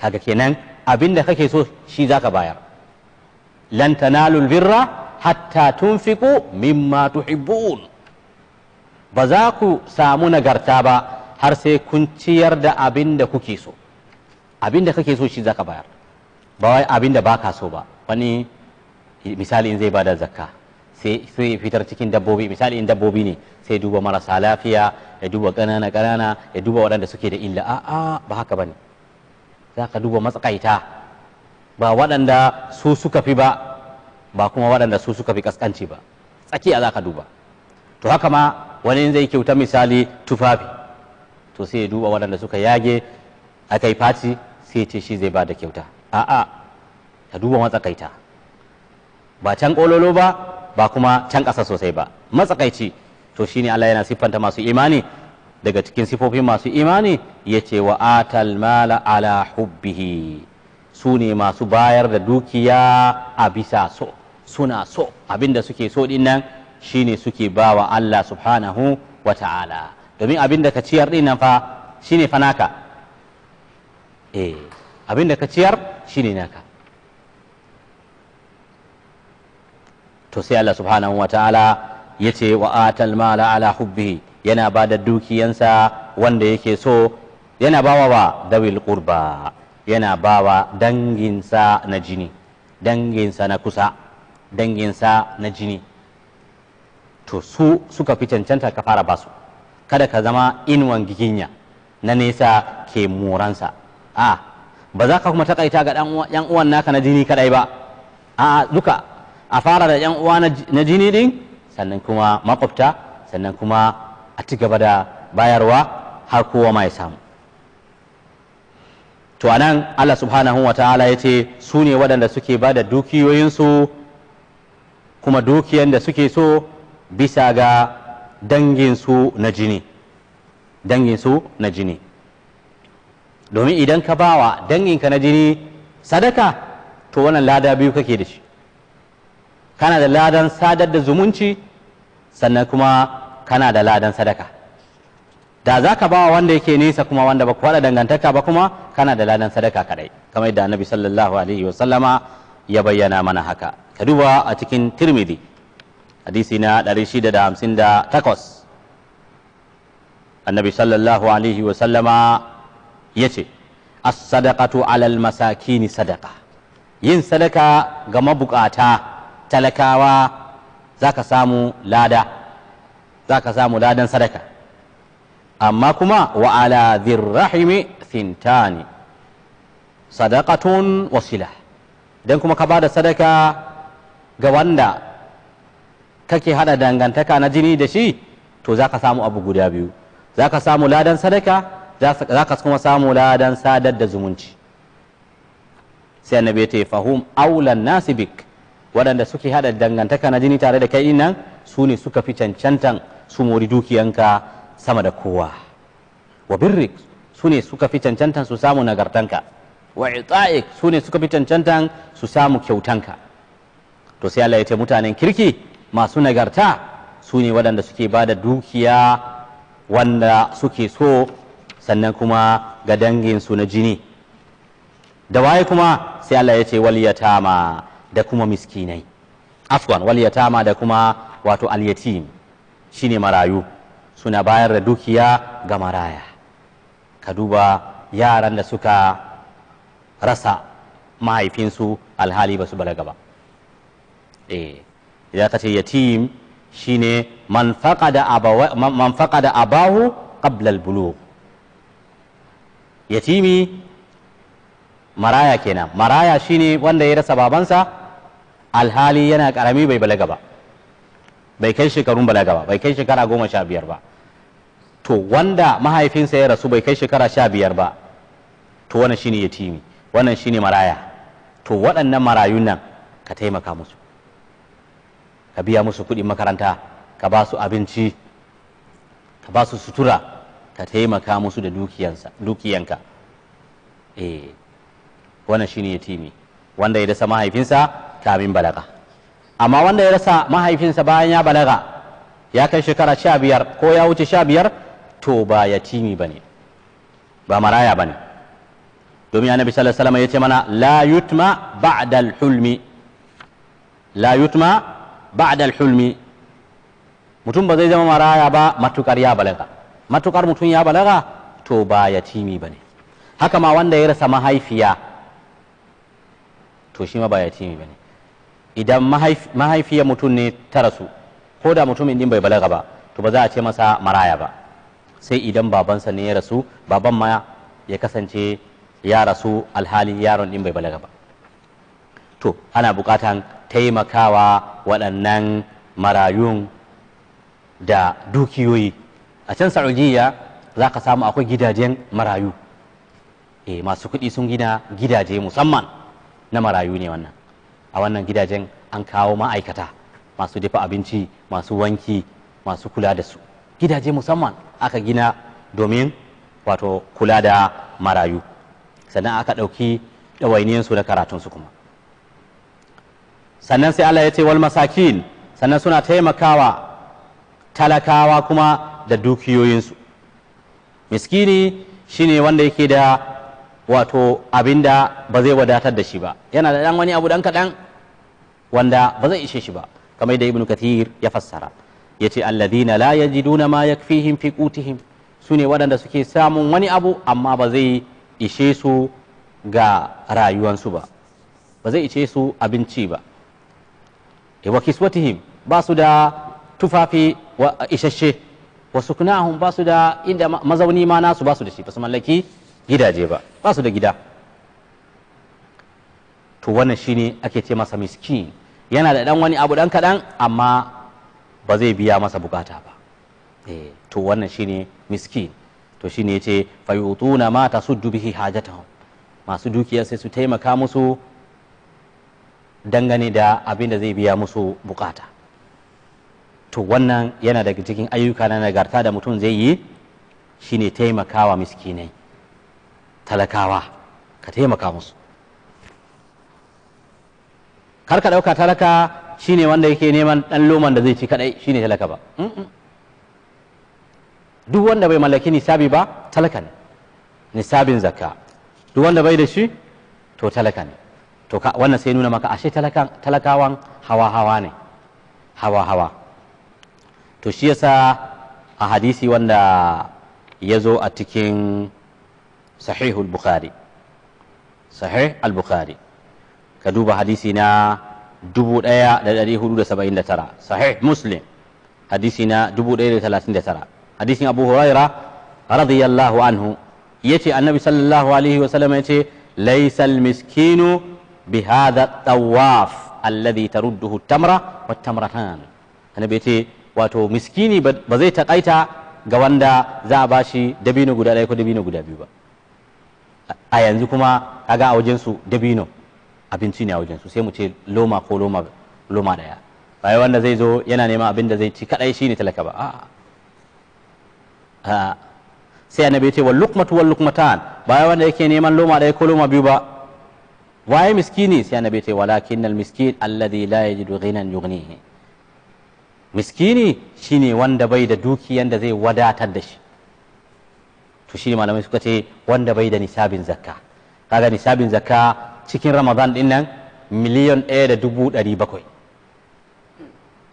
kaga kenan abin da kake so shi zaka bayar lan tanalul birra hatta tunfiqu mimma tuhibbun ba za ku samu nagarta ba har sai kun ciyar da abin da kuke so abin da kake so shi zaka bayar ba wai abin da baka so ba wani misali in zai bada zakka sai ya fitar cikin dabbobi misali in dabbobi ne sai duba marasa lafiya ya duba ƙanana ƙanana ya duba waɗanda suke da illa a'a ba haka bane za ka duba matsakaita ba waɗanda su suka fi ba ba kuma waɗanda su suka fi kaskanci ba tsakiya za ka duba to haka ma wani zai kyauta misali tufafi to sai ya duba waɗanda suka yage aka yi faci sai ce shi zai ba da kyauta a'a ka duba matsakaita ba can ƙololo ba ba kuma can ƙasa sosai ba matsakaici to shine Allah yana siffanta masu imani daga cikin sifofin masu imani ya ce wa atal mala ala hubbihi su ne masu bayar da dukiya a bisa so suna so abinda suke so din nan shine suke ba wa Allah subhanahu wa ta'ala domin abinda ka ciyar din nan fa shine fanaka eh abinda ka ciyar shine naka to sai Allah subhanahu wa ta'ala ya ce wa atal mala ala hubbihi yana ba da dukiyansa wanda yake so yana ba wa dawil qurba yana bawa danginsa na jini danginsa na kusa danginsa na jini to su suka fi cancanta ka fara basu kada ka zama inuwan giginya na nesa ke moransa a ba za ka kuma takaita ga yan uwan naka na jini kadai ba a duka a fara da yan uwa na jini din sannan kuma makwabta sannan kuma a ci gaba da bayarwa har kowa ma ya samu to anan Allah subhanahu wa ta'ala ya ce su ne waɗanda suke ba da dukiyoyinsu kuma dukiyan da suke so bisa ga danginsu na jini danginsu na jini domin idan ka bawa danginka na jini sadaka to wannan lada biyu kake da shi kana da ladan sadar da zumunci sannan kuma kana da ladan sadaka da za ka bawa wanda yake nesa kuma wanda ba ku haɗa dangantaka ba kuma kana da ladan sadaka kadai kamar yadda annabi sallallahu alaihi wa sallama ya bayyana mana haka ka duba a cikin tirmidhi hadisi na 658 annabi sallallahu alaihi wa sallama ya ce as-sadaqatu alal masakini sadaqa yin sadaka ga mabukata talakawa za ka samu lada za ka samu ladan sadaka amma kuma wa ala rahimi sintani sadaqatun wasila idan kuma ka ba da sadaka ga wanda kake hada dangantaka na jini da shi to za ka samu abu guda biyu za ka samu ladan sadaka za ka kuma samu ladan sadar da zumunci sai annabi ya yi fahum aulan nasibik waɗanda suke haɗa dangantaka na jini tare da kai nan su ne suka fi cancantan su mori dukiyanka sama da kowa wa birrik su ne suka fi cancantan su samu nagartanka wa ita'ik su ne suka fi cancantan su samu kyautanka to sai Allah ya ce mutanen kirki masu nagarta su ne waɗanda suke ba da dukiya wanda suke so sannan kuma ga danginsu na jini da waye kuma sai Allah ya ce wal yatama da kuma miskinai afwan wal yatama da kuma wato al yatim shine marayu suna bayar da dukiya ga maraya ka duba yaran da suka rasa mahaifinsu alhali ba su balaga ba eh, idan ka ce yatim shine man faqada da abahu qabla al yatimi maraya kenan maraya shine wanda ya rasa babansa alhali yana karami bai balaga ba bai kai shekarun balaga ba bai kai shekara goma sha biyar ba to wanda mahaifinsa ya rasu bai kai shekara sha biyar ba to wannan shine yatimi wannan shine maraya to waɗannan marayun nan ka taimaka musu ka biya musu kuɗin makaranta ka ba su abinci ka ba su sutura ka taimaka musu da dukiyanka eh wannan shine yatimi wanda ya dasa mahaifinsa kamin balaga amma wanda ya rasa mahaifinsa bayan ya balaga ya kai shekara sha biyar ko ya wuce sha biyar to ba yatimi ba ne ba maraya ba ne domin annabi sallallahu alaihi wasallam ya ce mana la yutma ba'da hulmi la yutma ba'da hulmi mutum ba zai zama maraya ba matukar ya balaga matukar mutum ya balaga to ba yatimi ba ne haka ma wanda ya rasa mahaifiya to shi ma ba yatimi ba ne idan mahaifiyar mutum ne ta rasu ko da mutumin din bai balaga ba to ba za a ce masa maraya ba sai idan babansa ne ya rasu baban ma ya kasance ya rasu alhali yaron din bai balaga ba to ana bukatan taimakawa waɗannan marayun da dukiyoyi a can saudiya za ka samu akwai gidajen marayu e, masu kuɗi sun gina gidaje musamman na marayu ne wannan a wannan gidajen an kawo ma'aikata masu dafa abinci masu wanki masu kula da su gidaje musamman aka gina domin wato kula da marayu sannan aka ɗauki ɗawainiyarsu da karatunsu kuma sannan sai Allah ya ce wal masakin sannan suna taimakawa talakawa kuma da dukiyoyinsu miskini shine wanda yake da wato abinda ba zai wadatar da shi ba yana da ɗan wani abu ɗan kaɗan wanda ba zai ishe shi ba kamar da ibnu kathir ya fassara ya yace alladhina la yajiduna ma yakfihim fi qutihim ne waɗanda suke samun wani abu amma ba zai ishe su ga rayuwansu ba ba zai ishe su abinci ba e wa kiswatihim ba su da tufafi wa isasshe wa suknahum ba su da inda mazauni ma nasu ba su da shi ba su mallaki gidaje ba ba su da gida to wannan shine ake ce masa miskin yana da ɗan wani abu ɗan kaɗan amma ba zai biya masa bukata ba eh, to wannan shine miskin to shine yace na mata su dubi hajatahum masu dukiya sai su taimaka musu dangane da abin da zai biya musu bukata to wannan yana daga cikin ayyuka na nagarta da mutum zai yi shine taimakawa miskinai talakawa ka taimaka musu kar ka ɗauka talaka shine wanda yake neman ɗan loman da zai ci kaɗai shine talaka ba mm, mm. duk wanda bai mallaki nisabi ba talaka ne nisabin zakka duk wanda bai da shi to talaka ne to wannan sai nuna maka ashe talakawan hawa hawa ne hawa hawa to shi yasa a hadisi wanda ya zo a cikin sahihul bukhari sahih al-bukhari ka duba hadisi na 1479 sahih muslim hadisi na 1039 hadisin abu huraira radiyallahu anhu yace annabi sallallahu alaihi wa sallam yace laysa almiskinu bi hadha tawaf alladhi tarudduhu tamra wa tamratan annabi yace wato miskini ba zai takaita ga wanda za a bashi dabino guda ɗaya ko dabino guda biyu ba a yanzu kuma kaga a wajen su dabino abinci ne a wajen su sai mu ce loma ko loma loma daya bai wanda zai zo yana neman abin da zai ci kadai shine talaka ba a'a sai annabi ce wal luqmatu wal luqmatan bai wanda yake neman loma daya ko loma biyu ba waye miskini sai annabi ce walakin al miskin alladhi la yajidu ghinan yughnihi miskini shine wanda bai da dukiyan da zai wadatar da shi to shine malamai suka ce wanda bai da nisabin zakka kaga nisabin zakka cikin ramadan din nan miliyon ɗaya da dubu ɗari bakwai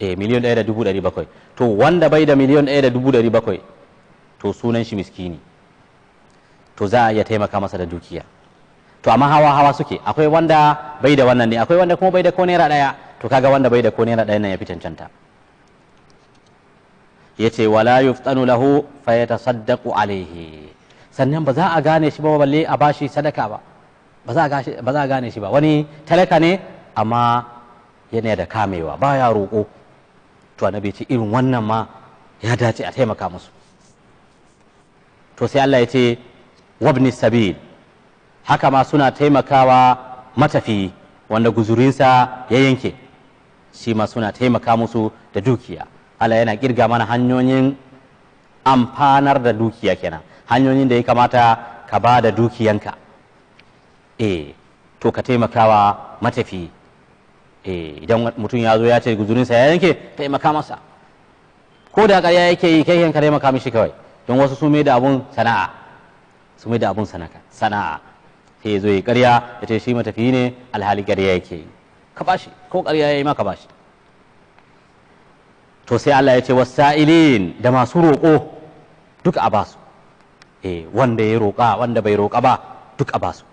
eh miliyon ɗaya da dubu ɗari bakwai to wanda bai da miliyon ɗaya da dubu ɗari bakwai to sunan shi miskini to za a iya taimaka masa da dukiya to amma hawa hawa suke akwai wanda bai da wannan ne akwai wanda kuma bai da ko naira ɗaya to kaga wanda bai da ko naira ɗaya nan ya fi cancanta ya ce wala yuftanu lahu fa yatasaddaqu alaihi sannan ba za a gane shi ba balle a bashi sadaka ba ba za a gane shi ba wani talaka ne amma yana da kamewa ba ya roƙo to annabi ce irin wannan ma ya dace a taimaka musu to sai Allah ya ce wabni sabil haka ma suna taimakawa matafi wanda guzurinsa ya yanke shi ma suna taimaka musu da dukiya Allah yana kirga mana hanyoyin amfanar da dukiya kenan hanyoyin da ya kamata ka ba da dukiyanka eh to ka taimakawa matafi eh, idan mutum ya zo ya ce guzurinsa ya yanke taimaka masa ko da ƙarya yake yi kai ka taimaka mishi kawai don wasu su mai da abun sana'a su mai da abun sana'a sai zo yi ƙarya ya ce shi matafi ne alhali ƙarya yake yi ka bashi ko ƙarya ya yi maka bashi to sai Allah ya ce wasa'ilin da masu roƙo duk a basu eh wanda ya roƙa wanda bai roƙa ba duk a basu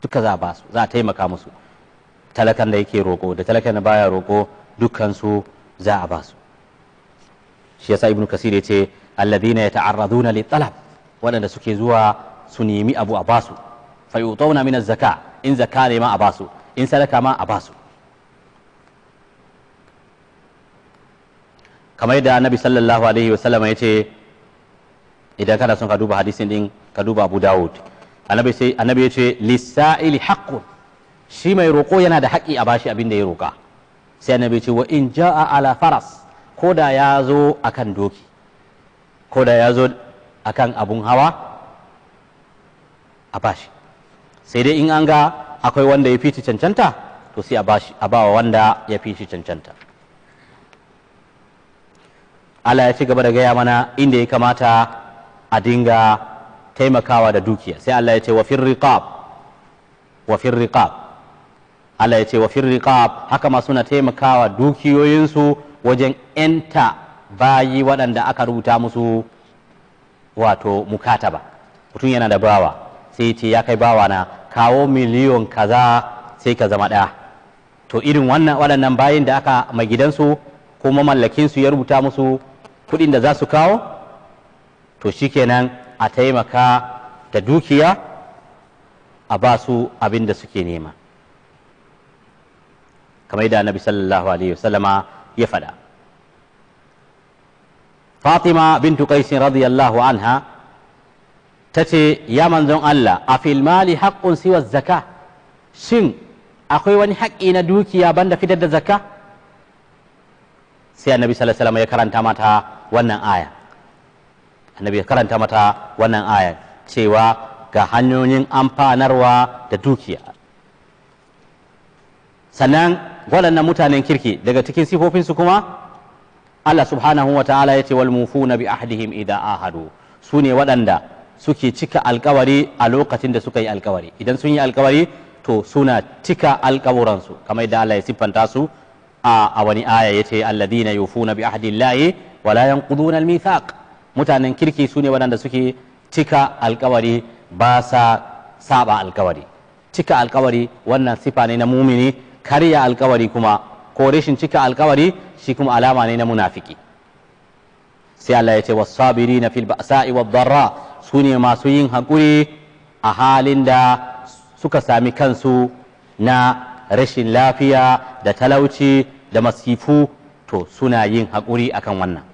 duka za ba su za a taimaka musu talakan da yake roƙo da talakan da baya roƙo dukkan su za a ba su shi yasa ibnu kasir ya ce alladhina yata'arraduna li talab waɗanda suke zuwa su nemi abu a ba su fa yutawna min zaka in zaka ne ma a ba su in sadaka ma a ba su. kamar yadda annabi sallallahu alaihi wasallam ya ce idan kana son ka duba hadisin din ka duba abu dawud annabi ya ce yace lisa'ili haqqun shi mai roƙo yana da haƙƙi a bashi abin da ya roƙa sai annabi ce wa in ja'a ala faras ko da ya zo akan doki ko da ya zo akan abun hawa a bashi sai dai in an ga akwai wanda ya fi shi cancanta to sai a bawa wanda ya fi shi cancanta Allah ya ci gaba da gaya mana inda ya kamata a dinga taimakawa da dukiya sai Allah ya ce wa riqab wa riqab Allah ya ce wa riqab haka ma suna taimakawa dukiyoyinsu wajen enta bayi waɗanda aka rubuta musu wato mukataba mutum yana da bawa sai ce ya kai bawa na kawo miliyon kaza sai ka zama ɗaya to irin wannan waɗannan bayin da aka mai gidansu ko mallakinsu ya rubuta musu kuɗin da za su kawo to shikenan a taimaka da dukiya a ba su abin da suke nema kamar da annabi sallallahu alaihi wasallama ya faɗa fatima bintu qais radiyallahu anha tace ya manzon Allah a fil mali haqqun siwa zakka shin akwai wani haƙƙi na dukiya banda fitar da zakka sai annabi sallallahu alaihi wasallama ya karanta mata wannan aya annabi ya karanta mata wannan ayar cewa ga hanyoyin amfanarwa da dukiya sannan waɗannan mutanen kirki daga cikin sifofinsu kuma Allah subhanahu wa ta'ala ya ce wal mufuna bi ahdihim idan ahadu su ne waɗanda suke cika alkawari a lokacin da suka yi alkawari idan sun yi alkawari to suna cika alkawuransu kamar da Allah ya siffanta su a wani aya ya ce alladhina yufuna bi ahdillahi wa la yanquduna al-mithaq mutanen kirki su ne waɗanda suke cika alkawari ba sa saba alkawari cika alkawari wannan sifa ne na mumini karya alkawari kuma ko rashin cika alkawari shi kuma alama ne na munafiki sai Allah ya ce wasabiri na fil ba'sa'i wad darra su ne masu yin hakuri a halin da suka sami kansu na rashin lafiya da talauci da masifu to suna yin hakuri akan wannan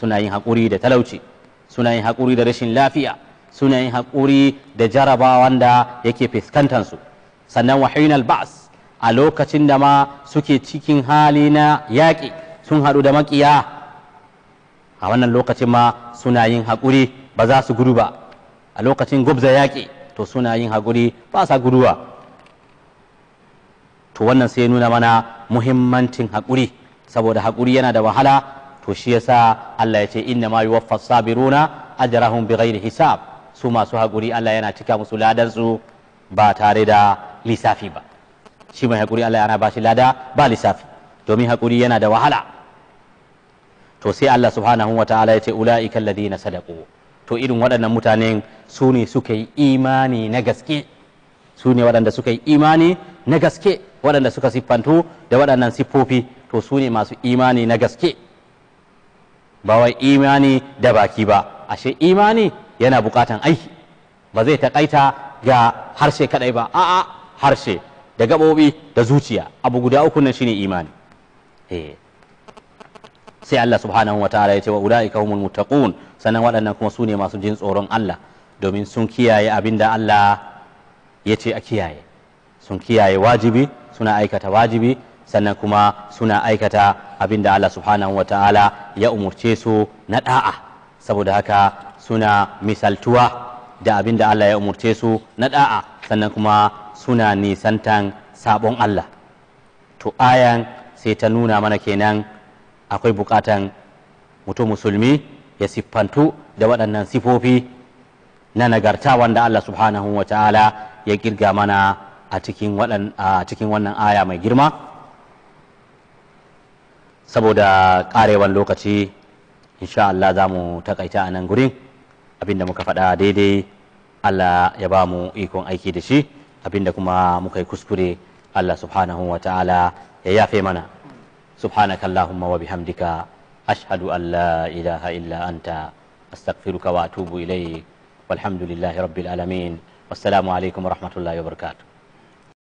suna yin haƙuri da talauci suna yin haƙuri da rashin lafiya suna yin haƙuri da jarabawan da yake fuskantansu sannan wahinal albas a lokacin da ma suke cikin hali na yaƙi sun haɗu da maƙiya a wannan lokacin ma suna yin haƙuri ba za su gudu ba a lokacin gubza yaƙi to suna yin haƙuri ba sa guduwa to wannan sai nuna mana muhimmancin haƙuri saboda haƙuri yana da wahala to shi yasa Allah ya ce inna ma yuwaffas sabiruna ajrahum bighairi hisab su masu hakuri Allah yana cika musu ladan su ba tare da lissafi ba shi mai hakuri Allah yana bashi lada ba lissafi domin hakuri yana da wahala to sai Allah subhanahu wataala ya ce ulaika alladhina sadaqu to irin waɗannan mutane su ne suka yi imani na gaske su ne waɗanda suka yi imani na gaske waɗanda suka siffantu da waɗannan siffofi to su ne masu imani na gaske ba wai imani da baki ba ashe imani yana bukatan aiki ba zai takaita ga harshe kadai ba a'a harshe da gabobi da zuciya abu guda uku nan shine imani eh sai Allah subhanahu wa ta'ala ya ce wa ulaika humul muttaqun sanan waɗannan kuma sune masu jin tsoron Allah domin sun kiyaye abin da Allah ya ce a kiyaye sun kiyaye wajibi suna aikata wajibi sannan kuma suna aikata abin da Allah subhanahu wata'ala ya umurce su na da'a saboda haka suna misaltuwa da abin da Allah ya umurce su na da'a sannan kuma suna nisantan sabon Allah to ayan sai ta nuna mana kenan akwai bukatan mutum musulmi ya siffantu da waɗannan sifofi na nagarta wanda Allah subhanahu wata'ala ya kirga mana a cikin wannan aya mai girma saboda karewan lokaci insha Allah za mu takaita a nan gurin abinda muka faɗa daidai Allah ya ba mu ikon aiki da shi abinda kuma muka yi kuskure Allah subhanahu wa ta'ala ya yafe mana subhanaka Allahumma wa bihamdika ashhadu an la ilaha illa anta astaghfiruka wa atubu ilayk walhamdulillahi rabbil alamin wassalamu والسلام wa rahmatullahi wa barakatuh